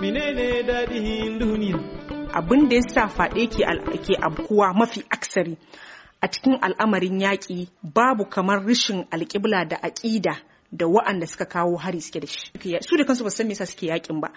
menene daɗin duniya abin da ya sa faɗe ke abkuwa mafi aksari a cikin al'amarin yaƙi babu kamar rishin alƙibla da aƙida da wa'anda suka kawo hari suke da shi su da kansu ba san me yasa suke yakin ba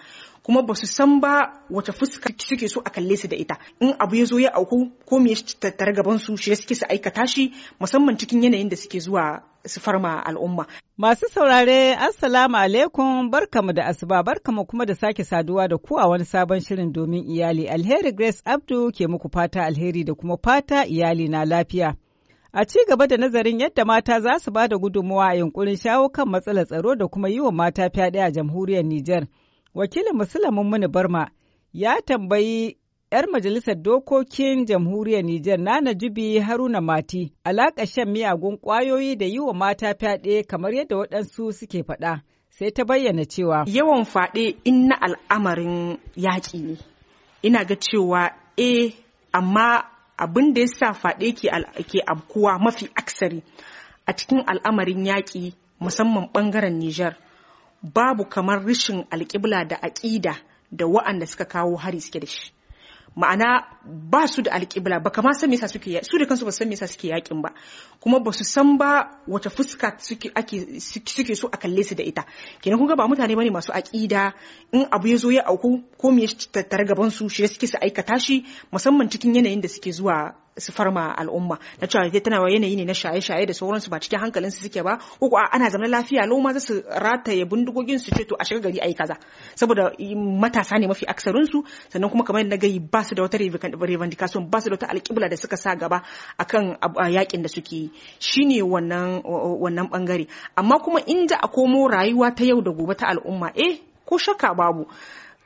kuma ba su san ba wata fuska suke so a kalle su da ita in abu ya zo ya auku ko me ya tattare gaban su shi suke su aikata shi musamman cikin yanayin da suke zuwa su farma al'umma masu saurare assalamu alaikum barkamu da asuba barkamu kuma da sake saduwa da ku a wani sabon shirin domin iyali alheri grace abdu ke muku fata alheri da kuma fata iyali na lafiya A ci gaba da nazarin yadda mata za su ba da gudunmawa a yunkurin shawo kan matsalar tsaro da kuma yi wa mata fyaɗe a jamhuriyar Nijar. Wakilin Musulamin Muni Barma ya tambayi 'yar majalisar dokokin jamhuriyar Nijar Nana Jubi Haruna Mati alaƙa shan miyagun ƙwayoyi da yi wa mata fyaɗe kamar yadda waɗansu suke faɗa. Sai ta bayyana cewa yawan faɗe in na al'amarin yaƙi ne. Ina ga cewa eh amma abin da ya sa faɗe ke abkuwa mafi aksari a cikin al'amarin yaƙi musamman ɓangaren Nijar babu kamar rishin alƙibla da aƙida da wa'anda suka kawo hari suke da shi. ma'ana ba su da alƙibla ba kama san me suke su da kansu ba san me yasa suke yakin ba kuma ba su san ba wata fuska suke so a kalle su da ita kenan kuma ba mutane bane masu aƙida in abu ya zo ya auku ko me ya tattara gaban su shi suke su aikata shi musamman cikin yanayin da suke zuwa su farma al'umma na cewa dai tana yanayi ne na shaye-shaye da sauransu ba cikin hankalin su suke ba ko ana zama lafiya lau ma za su rataye bindigogin su ce to a shiga gari ayi kaza saboda matasa ne mafi aksarin su sannan kuma kamar na gayi ba su da wata revendication ba su da wata alƙibla da suka sa gaba akan yakin da suke yi shine wannan wannan bangare amma kuma inda a komo rayuwa ta yau da gobe ta al'umma eh ko shakka babu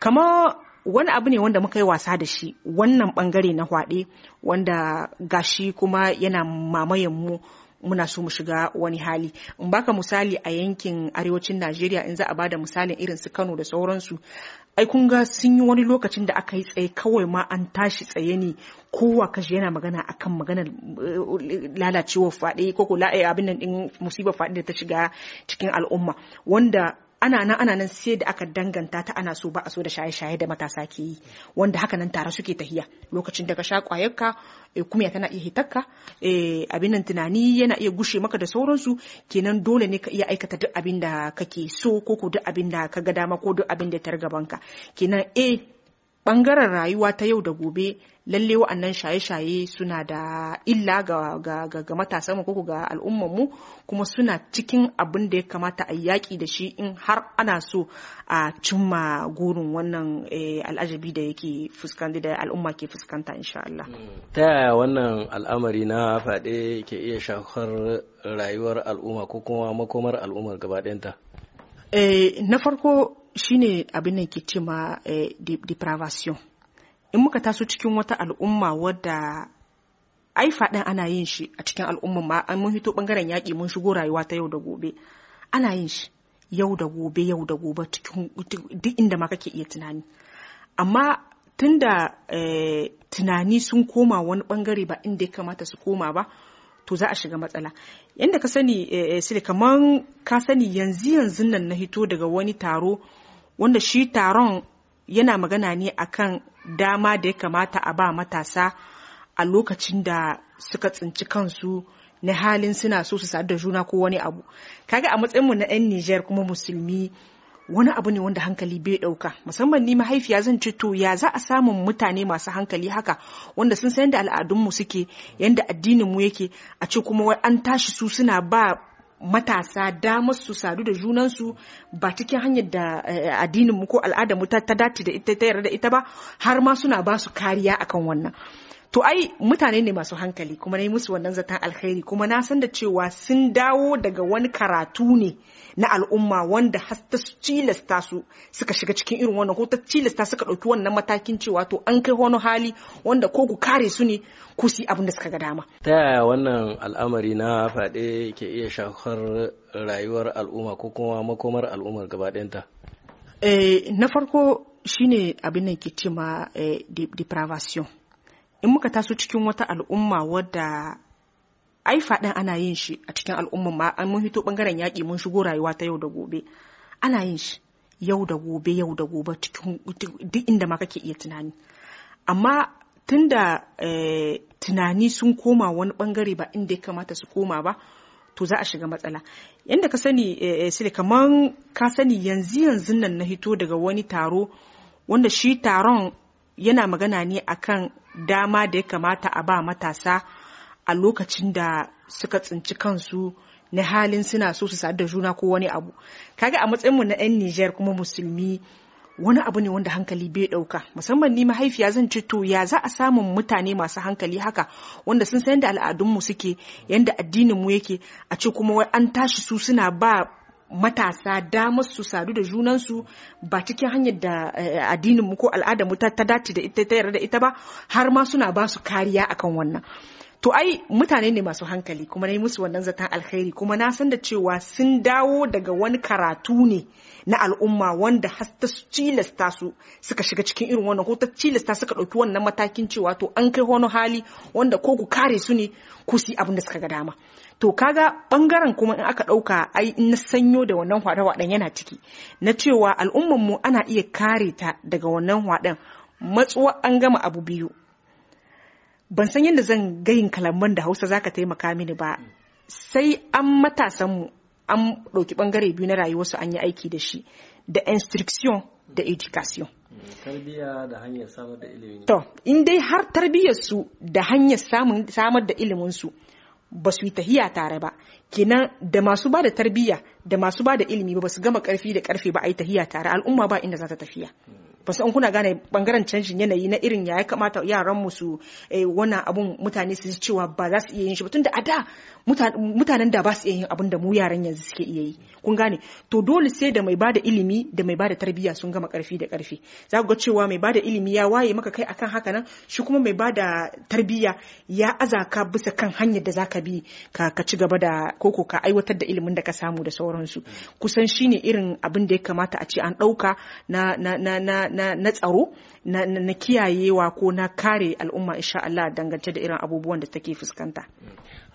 kama wani abu ne wanda muka yi wasa da shi wannan bangare na hwaɗe wanda gashi kuma yana mamayen mu muna so mu shiga wani hali in baka misali a yankin arewacin najeriya in za a bada misalin irin su kano da sauransu ai kun ga sun yi wani lokacin da aka yi tsaye kawai ma an tashi tsaye ne kowa kashi yana magana akan maganar eh, lalacewar faɗe ko ko eh, abin nan din musibar faɗe da ta shiga cikin al'umma wanda ana nan ana nan sai da aka danganta ta ana so ba a so da shaye-shaye da matasa ke yi wanda haka nan tare suke tahiya lokacin da ka sha kwayarka eh, kuma tana iya hitarka eh, abin nan tunani yana iya gushe maka da sauransu kenan dole ne ka iya aikata duk abin da kake so ko ko duk abin da ka ga dama ko duk abin da ta targabanka kenan eh ɓangaren rayuwa ta yau da gobe lalle wa'annan shaye-shaye suna da illa ga, ga, ga, ga matasanmu ko ga al'ummanmu kuma suna cikin abin da ya kamata a yaƙi da shi in har ana so a cimma gurin wannan eh, al'ajabi da yake fuskanta da al'umma ke fuskanta insha Allah. Ta yaya wannan al'amari na faɗe ke iya shafar rayuwar al'umma ko kuma makomar al'ummar gaba ɗayanta? Eh, na farko shine abin nan ke ce ma eh, depravation in muka taso cikin wata al'umma wadda ai faɗin ana yin shi a cikin al'umma ma an mun hito bangaren yaƙi mun shigo rayuwa ta yau da gobe ana yin shi yau da gobe yau da gobe cikin duk inda ma kake iya tunani amma tunda eh, tunani sun koma wani bangare ba inda ya kamata su koma ba to za a shiga matsala yadda ka sani eh, eh, sile kamar ka sani yanzu yanzu nan na hito daga wani taro wanda shi taron yana magana ne akan dama da ya kamata a ba matasa a lokacin da suka tsinci kansu na halin suna so su sadu da juna ko wani abu kaga a matsayinmu na 'yan Nijar kuma musulmi wani abu ne wanda hankali bai dauka musamman ni mahaifiya zan ce to ya za a samun mutane masu hankali haka wanda sun san da al'adunmu suke yanda addinin mu yake a ce kuma wai an tashi su suna ba matasa damar su sadu da junansu ba cikin hanyar da eh, addinin mu ko al'adar mu ta dace da ita ta yarda da ita ba har ma suna ba su kariya akan wannan to ai mutane ne masu hankali kuma na yi musu wannan zaton alkhairi kuma na san da cewa sun dawo daga wani karatu ne na al'umma wanda har cilasta su suka shiga cikin irin wannan ko ta cilasta suka ɗauki wannan matakin cewa to an kai wani hali wanda ko ku kare su ne ku si abin da suka ga dama. Ta yaya wannan al'amari na faɗe ke iya shafar rayuwar al'umma ko kuma makomar al'ummar gaba ɗayanta? Eh, na farko shine abin nan ke ce ma eh, depravation. in muka taso cikin wata al'umma wadda ai faɗin ana yin shi a cikin al'umma ma an mun hito bangaren yaƙi mun shigo rayuwa ta yau da gobe ana yin shi yau da gobe yau da gobe cikin duk inda ma kake iya tunani amma tunda eh, tunani sun koma wani bangare ba inda ya kamata su koma ba to za a shiga matsala yadda ka sani eh, eh, sile kamar ka sani yanzu yanzu nan na hito daga wani taro wanda shi taron yana magana ne akan dama da ya kamata a ba matasa a lokacin da suka tsinci kansu na halin suna so su sadu da juna ko wani abu kaga a matsayinmu na 'yan Nijar kuma musulmi wani abu ne wanda hankali bai dauka musamman ni mahaifiya zan ci to ya za a samun mutane masu hankali haka wanda sun san da al'adunmu suke yanda addininmu yake a ce kuma wai an tashi su suna ba matasa damar su sadu da junansu ba cikin hanyar da eh, addinin mu ko al'adar mu ta dace da ita ta yarda da ita ba har ma suna ba su kariya akan wannan to ai mutane ne masu hankali kuma na yi musu wannan zaton alkhairi kuma na san da cewa sun dawo daga wani karatu ne na al'umma wanda har ta cilasta su suka shiga cikin irin wannan ko ta cilasta suka ɗauki wannan matakin cewa to an kai wani hali wanda ko ku kare su ne ku si abin da suka ga dama to kaga bangaren kuma in aka ɗauka ai in na sanyo da wannan hwaɗe-hwaɗen yana ciki na cewa al'umman mu ana iya kare ta daga wannan hwaɗen matsuwa an gama abu biyu ban san yadda zan gayin kalamban da hausa zaka taimaka mini ba sai an mu an ɗauki ɓangare biyu na rayuwarsu an yi aiki da shi da instruction da education mm, tarbiyya da hanyar samar da ilimi to in dai har tarbiyyarsu da hanyar samar da iliminsu ba su yi tahiya tare ba kenan da masu ba da tarbiyya da masu ba da ilimi ba su gama karfi da karfe ba a yi tahiya tare al'umma ba inda za ta tafiya mm. basu in kuna gane bangaren canjin yanayi na irin ya kamata yaran mu su eh, wannan abun mutane su cewa ba za su iya yin shi ba tunda a da mutanen da ba su iya yin abun da mu yaran yanzu suke iya yi kun gane to dole sai da mai bada ilimi da mai bada tarbiyya sun gama karfi da karfi za ku ga cewa mai bada ilimi ya waye maka kai akan haka nan shi kuma mai bada tarbiyya ya azaka bisa kan hanyar da zaka bi ka ci gaba da koko ka aiwatar da ilimin da ka samu da sauransu kusan shine irin abin da ya kamata a ce an dauka na na na na tsaro na kiyayewa ko na kare al'umma insha Allah dangance da irin abubuwan da take fuskanta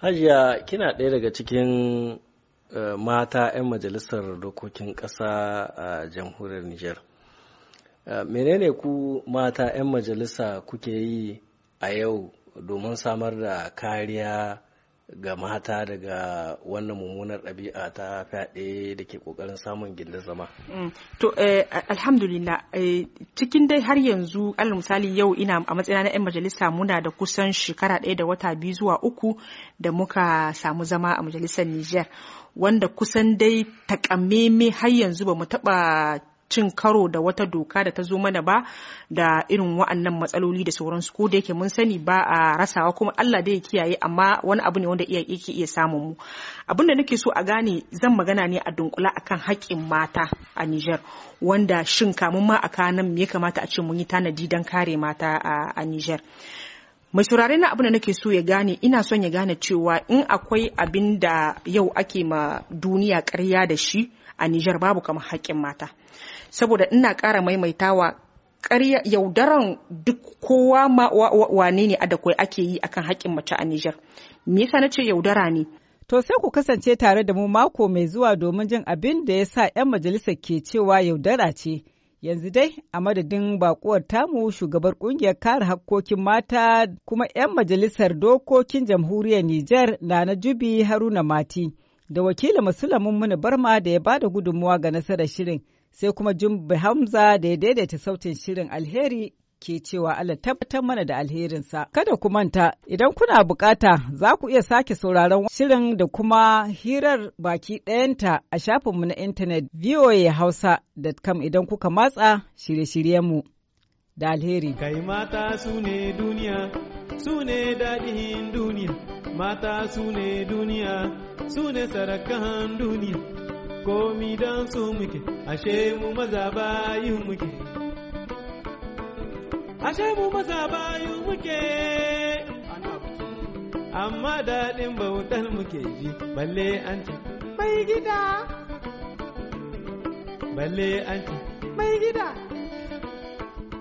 hajiya kina ɗaya daga cikin eh, mata 'yan majalisar dokokin ƙasa a jamhuriyar Nijar. Eh, menene ku mata 'yan majalisa kuke yi a yau domin samar da kariya ga mata daga wannan mummunar ɗabi'a ta fyaɗe da ke ƙoƙarin samun gindin zama. Mm. To eh, alhamdulillah eh, cikin dai har yanzu alal misali yau ina a matsayina na 'yan majalisa muna da kusan shekara ɗaya da wata biyu zuwa uku da muka samu zama a majalisar Nijar wanda kusan dai takameme har yanzu ba mu taɓa cin karo da wata doka da ta zo mana ba da irin wa'annan matsaloli da sauransu ko da yake mun sani ba a rasawa kuma Allah da ya kiyaye amma wani abu ne wanda iya yake iya samun mu abin da nake so a gane zan magana ne a dunkula akan haƙƙin mata a Niger wanda shin kamun ma a kanan me ya kamata a ce mun yi tanadi dan kare mata a Niger mai saurare na abin da nake so ya gane ina son ya gane cewa in akwai abin da yau ake ma duniya ƙarya da shi a Niger babu kamar haƙƙin mata. saboda ina kara maimaitawa ƙarya yaudaran duk kowa ma wane ne a da ake yi akan haƙƙin mace a Nijar. Me yasa na ce yaudara ne? To sai ku kasance tare da mu mako mai zuwa domin jin abin da ya sa 'yan majalisar ke cewa yaudara ce. Yanzu dai a madadin bakuwar tamu shugabar kungiyar kare hakkokin mata kuma 'yan majalisar dokokin jamhuriyar Nijar na na Jubi Haruna Mati da wakilin Musulamin Muni Barma da ya bada gudunmuwa ga nasarar shirin. sai kuma Jumbe Hamza da ya daidaita sautin shirin alheri ke cewa Allah tabbatar mana da alherinsa. Kada ku manta idan kuna bukata za ku iya sake sauraron shirin da kuma hirar baki ɗayanta a shafinmu na intanet voahausa.com idan kuka matsa shirye-shiryenmu da alheri. Kai mata su ne duniya, su ne daɗin duniya, mata su ne duniya, su ne sarakan duniya. komi don su muke ashe mu maza bayu muke ashe mu maza bayu muke amma daɗin bautar muke ji balle an ce mai gida balle an ce mai gida